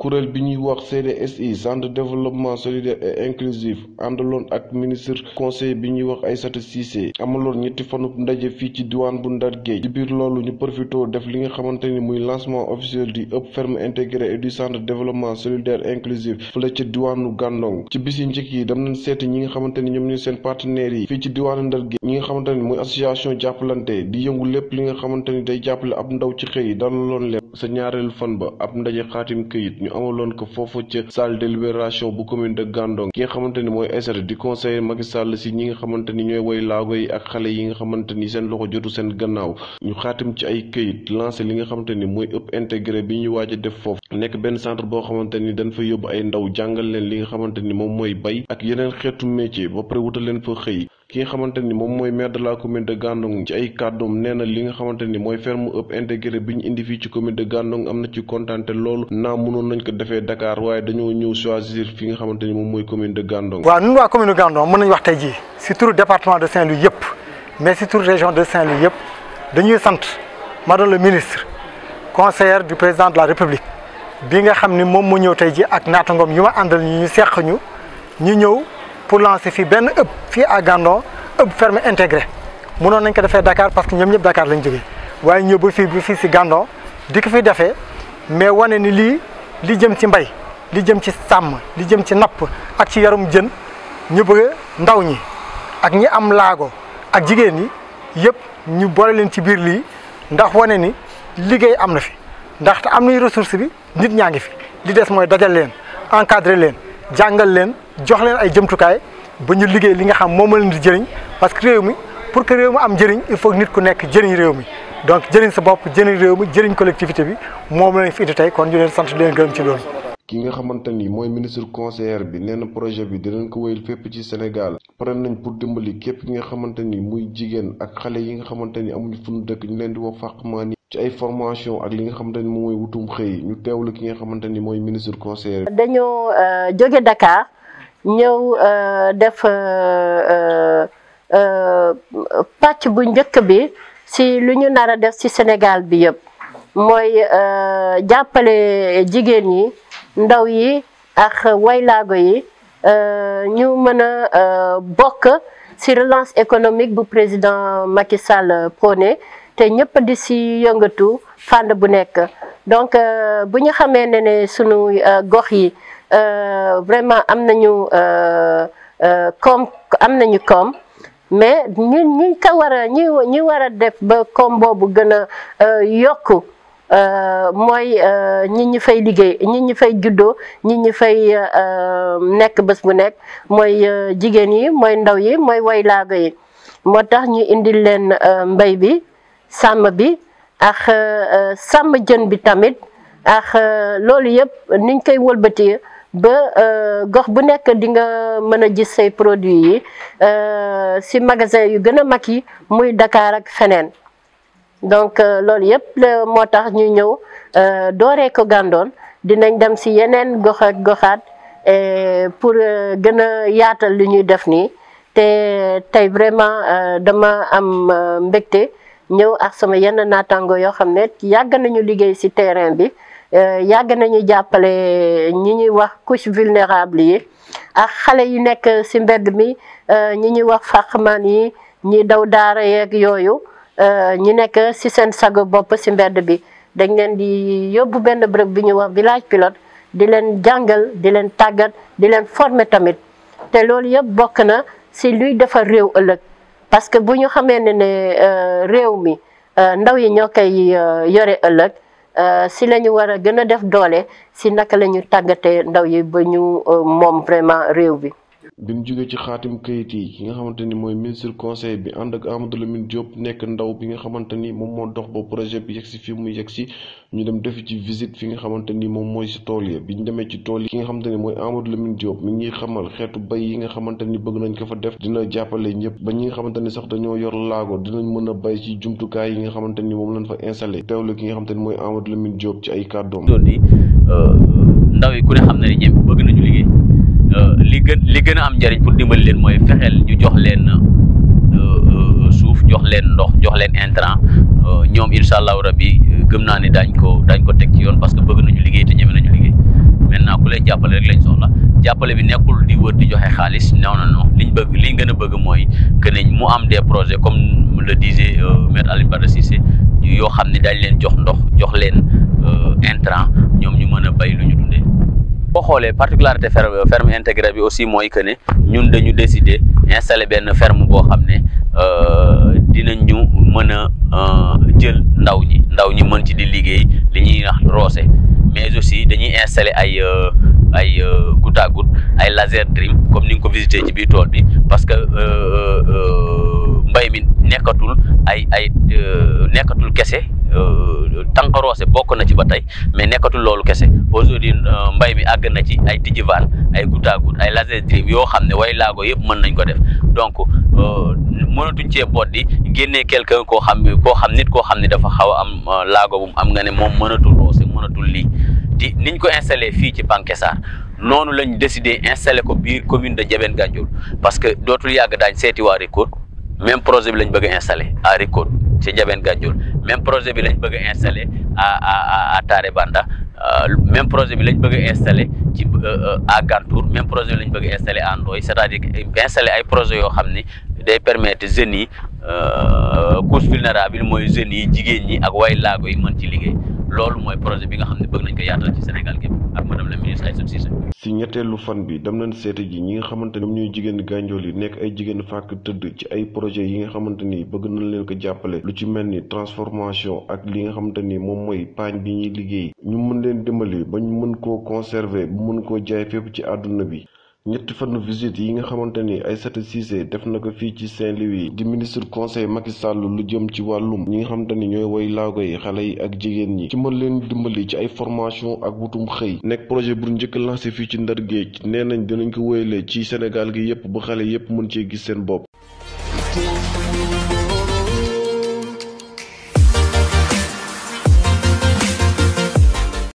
kuréel bi ñuy wax CDSI centre de développement solidaire ak ministre conseil bi ñuy wax Aïssata Cissé amaloon ñetti fanub ndaje fii ci diwaan bu Ndar Géej ci biir loolu ñu profitoo def li nga xamante ni muy lancement officiel di hub ferme intégré et du centre de développement solidaire inclusif fële ci diwaanu Gandon ci bis yi njëkk yi dem nañ seeti ñi nga xamante ni ñoom ñooy seen partenaires yi fii ci diwaanu Ndar Géej ñi nga xamante ni mooy association jàppalante di yëngu lépp li nga xamante ni day jàppale ab ndaw ci xëy dalaloon leen sa ñaareelu fan ba ab ndaje xaatim këyit ñu amaloon ko foofu ca salle de libération bu commune de Gandon ki nga xamante ni mooy Aïssata di conseiller Macky si ñi nga xamante ni ñooy woy laago yi ak xale yi nga xamante ni seen loxo jotu seen gannaaw ñu xaatim ci ay këyit lancé li nga xamante ni mooy ëpp intégré bi ñuy waaj a def foofu nekk benn centre boo xamante ni dañ fa yóbbu ay ndaw jàngal leen li nga xamante ni moom mooy bay ak yeneen xeetu métier ba pare leen fa xëy ki nga xamante ni moom mooy maire de la commune de Gandon ci ay kàddoom nee na li nga xamante ni mooy ferme ëpp intégré bi ñu indi fii ci commune de Gandon am na ci kontaante loolu naa mënoon nañ ko defee Dakar waaye dañoo ñëw choisir fi nga xamante ni moom mooy commune de Gandon. waaw ñun waa commune de Gandon mën nañu wax tey jii si turu département de Saint-Louis yëpp mais si turu région de Saint-Louis yëpp dañuy sant madame le ministre conseillère du président la république bi nga xam ni moom mu ñëw tey jii ak naataangoom yu ma àndal ñu ñu pour lancer fi ben ëpp fi à Gandon ëpp ferme intégré mënoon nañ ko defee Dakar parce que ñom ñep Dakar lañ jógee waye ñëw ba fi bi fii si Gandon di ko fi défé mais wane ni li li jëm ci mbay li jëm ci sam li jëm ci nap ak ci yarum jën ñu bëgg ndaw ñi ak ñi am lago ak jigéen ñi yépp ñu boré leen ci biir li ndax wane ni liggéey am na fi ndaxte am ni ressource bi nit ñaa fi li dess moy dajal leen encadrer leen jangal leen jox leen ay jëmtukaay ba ñu liggéey li nga xam moom leen di jëriñ parce que réew mi pour que réew mi am njëriñ il faut nit ku nekk jëriñ réew mi donc jëriñ sa bopp jëriñ réew mi jëriñ collectivité bi moom lañ fi indi tey kon ñu leen sant di leen ki nga xamante ni mooy ministre conseillère bi nee na projet bi dinañ ko wéyal fépp ci Sénégal pare nañ pour dimbali képp ki nga xamante ni muy jigéen ak xale yi nga xamante ni amuñu fu ñu dëkk ñu leen di wax fàqmaan ci ay formation ak li nga xamante ni moom mooy wutum xëy ñu teewlu ki nga xamante ni mooy ministre conseillère bi. dañoo euh, jóge Dakar. ñëw euh, def euh, euh, pàcc bu njëkk bi si lu ñu nar a def si Sénégal bi yëpp mooy jàppale jigéen yi ndaw yi ak waylaago yi ñu mën a bokk si relance économique bu président Macky Sall prôné te ñëpp di si yëngatu fànn bu nekk donc bu ñu xamee ne sunu gox yi Euh, vraiment am nañu euh, euh, koom am nañu koom mais ñu ñi ko war a ñi def ba koom boobu gën a yokk mooy ñi ñi fay liggéey ñi ñi fay juddoo ñi ñi fay nekk bés bu nekk mooy jigéen yi mooy ndaw yi mooy woylaago yi moo tax ñu indil leen mbay bi sàmm bi ak sàmm jën bi tamit ak loolu yëpp niñ koy wëlbatee ba euh, gox bu nek di nga mën a gis produits yi ci euh, magasin yu gëna a yi muy Dakar ak fenen donc euh, lool yëpp moo tax ñu ñëw dooree ko Gandon dinañ dem ci yenen gox ak goxaat pour gëna a yaatal li ñuy def ni te tay vraiment dama am mbégte ñëw ak sama yenn naataango yoo xam ne yàgg nañu liggéey ci terrain bi Euh, yàgg nañu jàppale ñi ñuy wax couche vulnérable yi ak xale yu nekk ci mbedd mi euh, ñi ñuy wax fàqman yi ñi daw daara yeeg yooyu euh, ñu nekk ci seen sago bopp ci mbedd bi dañ leen di yóbbu benn bërëb bi ñuy wax village pilote di leen jàngal di leen tàggat di leen former tamit te loolu yëpp bokk na si luy defar réew ëllëg parce que bu ñu xamee ne ne réew mi ndaw yi ñoo koy yore ëllëg Euh, si la ñu war a gën a def doole si naka la ñu tàggatee ndaw yi ba ñu euh, moom vraiment réew bi bi mu jógee ci xaatim kayit yi ki nga xamante ni mooy ministre conseil bi ànd ak Amadou Lamine Diop nekk ndaw bi nga xamante ni moom moo dox projet bi si fi mu yegg si ñu dem defi ci visite fi nga xamante ni moom mooy si tool yi bi ñu demee ci tool yi ki nga xamante ni mooy Amadou Lamine Diop mi ngi xamal xeetu bay yi nga xamante ni bëgg nañ ko fa def dina jàppale ñëpp ba ñi nga xamante ni sax dañoo yor laago dinañ mën a bay ci jumtukaay yi nga xamante ni moom lañu fa installé teewlu ki nga xamante ni mooy Amadou Lamine Diop ci ay kàddoom. Euh, ndaw yi ku ne xam na ni ñëpp bëgg nañu liggéey Uh, li gën am jariñ pour dimbali leen mooy fexel ñu jox leen uh, uh, suuf jox leen ndox jox leen intrant ñoom insha allahu rabbi gëm naa ni dañ ko dañ ko teg ci yoon parce que bëgg nañu liggéey te ñeme nañu liggéey maintenant ku leen jàppale rek lañ soxla jàppale bi nekkul di wër di joxe xaalis non non non liñ bëgg liñ gën bëgg mooy que ne mu am des projets comme le disait maître Aline Barra Cissé yoo xam ne dañ leen jox ndox jox leen intrant ñoom ñu mën bay lu ñu dundee boo xoolee particularité ferme ferme intégrée bi aussi mooy que ne ñun dañu décider installer benn ferme boo xam ne euh, dinañ ñu mën a euh, jël ndaw ñi ndaw ñi mën ci di liggéey li ñuy wax roose mais aussi dañuy installer ay euh, ay goutte à goutte ay laser dream comme ni nga ko visité ci biir tool bi parce que mbay mi nekkatul ay ay nekkatul kese. Euh, tànqaroose bokk na ci ba tey mais nekkatul loolu kese aujourd'hui euh, mbay mi àgg na ci ay tijjivaan ay goutte à goutte ay laser drip yoo xam ne way laago yëpp mën nañ ko def donc euh, mënatuñ cee boot di génnee quelqu'un ko xam koo xam nit koo xam ne dafa xaw a am laago bu am nga ne moom mënatul roose mënatul lii di niñ ko installé fii ci Pankesar noonu lañ décidé installé ko biir commune de Diabène Gandiol parce que dootul yàgg daañ seeti waa Ricot même projet bi lañ bëgg a installé à ci Ndiabène Gandiol même projet bi lañ bëgg installé à à à Banda euh, même projet bi lañ bëgg a installé ci euh, euh, à Gantour même projet bi lañ bëgg a installé à Ndoye c'est-à-dire installé ay projet yoo xam ni day permettre jeunes yi euh, couche vulnérable mooy jeunes yi jigéen ñi ak way laago yi mën ci liggéey loolu mooy projet bi nga xam ne bëgg nañ ko yaatal ci Sénégal gépp ak madame la ministre Aïssatou Cissé si ñetteelu fan bi dem nañ seete ji ñi nga xamante ne ñuy jigéen gànjool yi nekk ay jigéen fàkk tëdd ci ay projet yi nga xamante ni bëgg nañ leen ko jàppale lu ci mel ni transformation ak li nga xamante ni moom mooy paañ bi ñuy liggéey ñu mën leen dimbali ba mën koo conserver bu koo jaay fépp ci àdduna bi ñetti fanu visite yi nga xamante ni Aïssata Cissé def na ko fii ci Saint-Louis di ministre conseil Macky Sall lu jëm ci wàllum ñi nga xamante ni ñooy woy laago yi xale yi ak jigéen ñi ci mën leen dimbali ci ay formation ak wutum xëy nekk projet bur njëkk lancé fii ci Ndar Géej nee nañ dinañ ko wéyale ci Sénégal gi yépp ba xale yépp mën cee gis seen bopp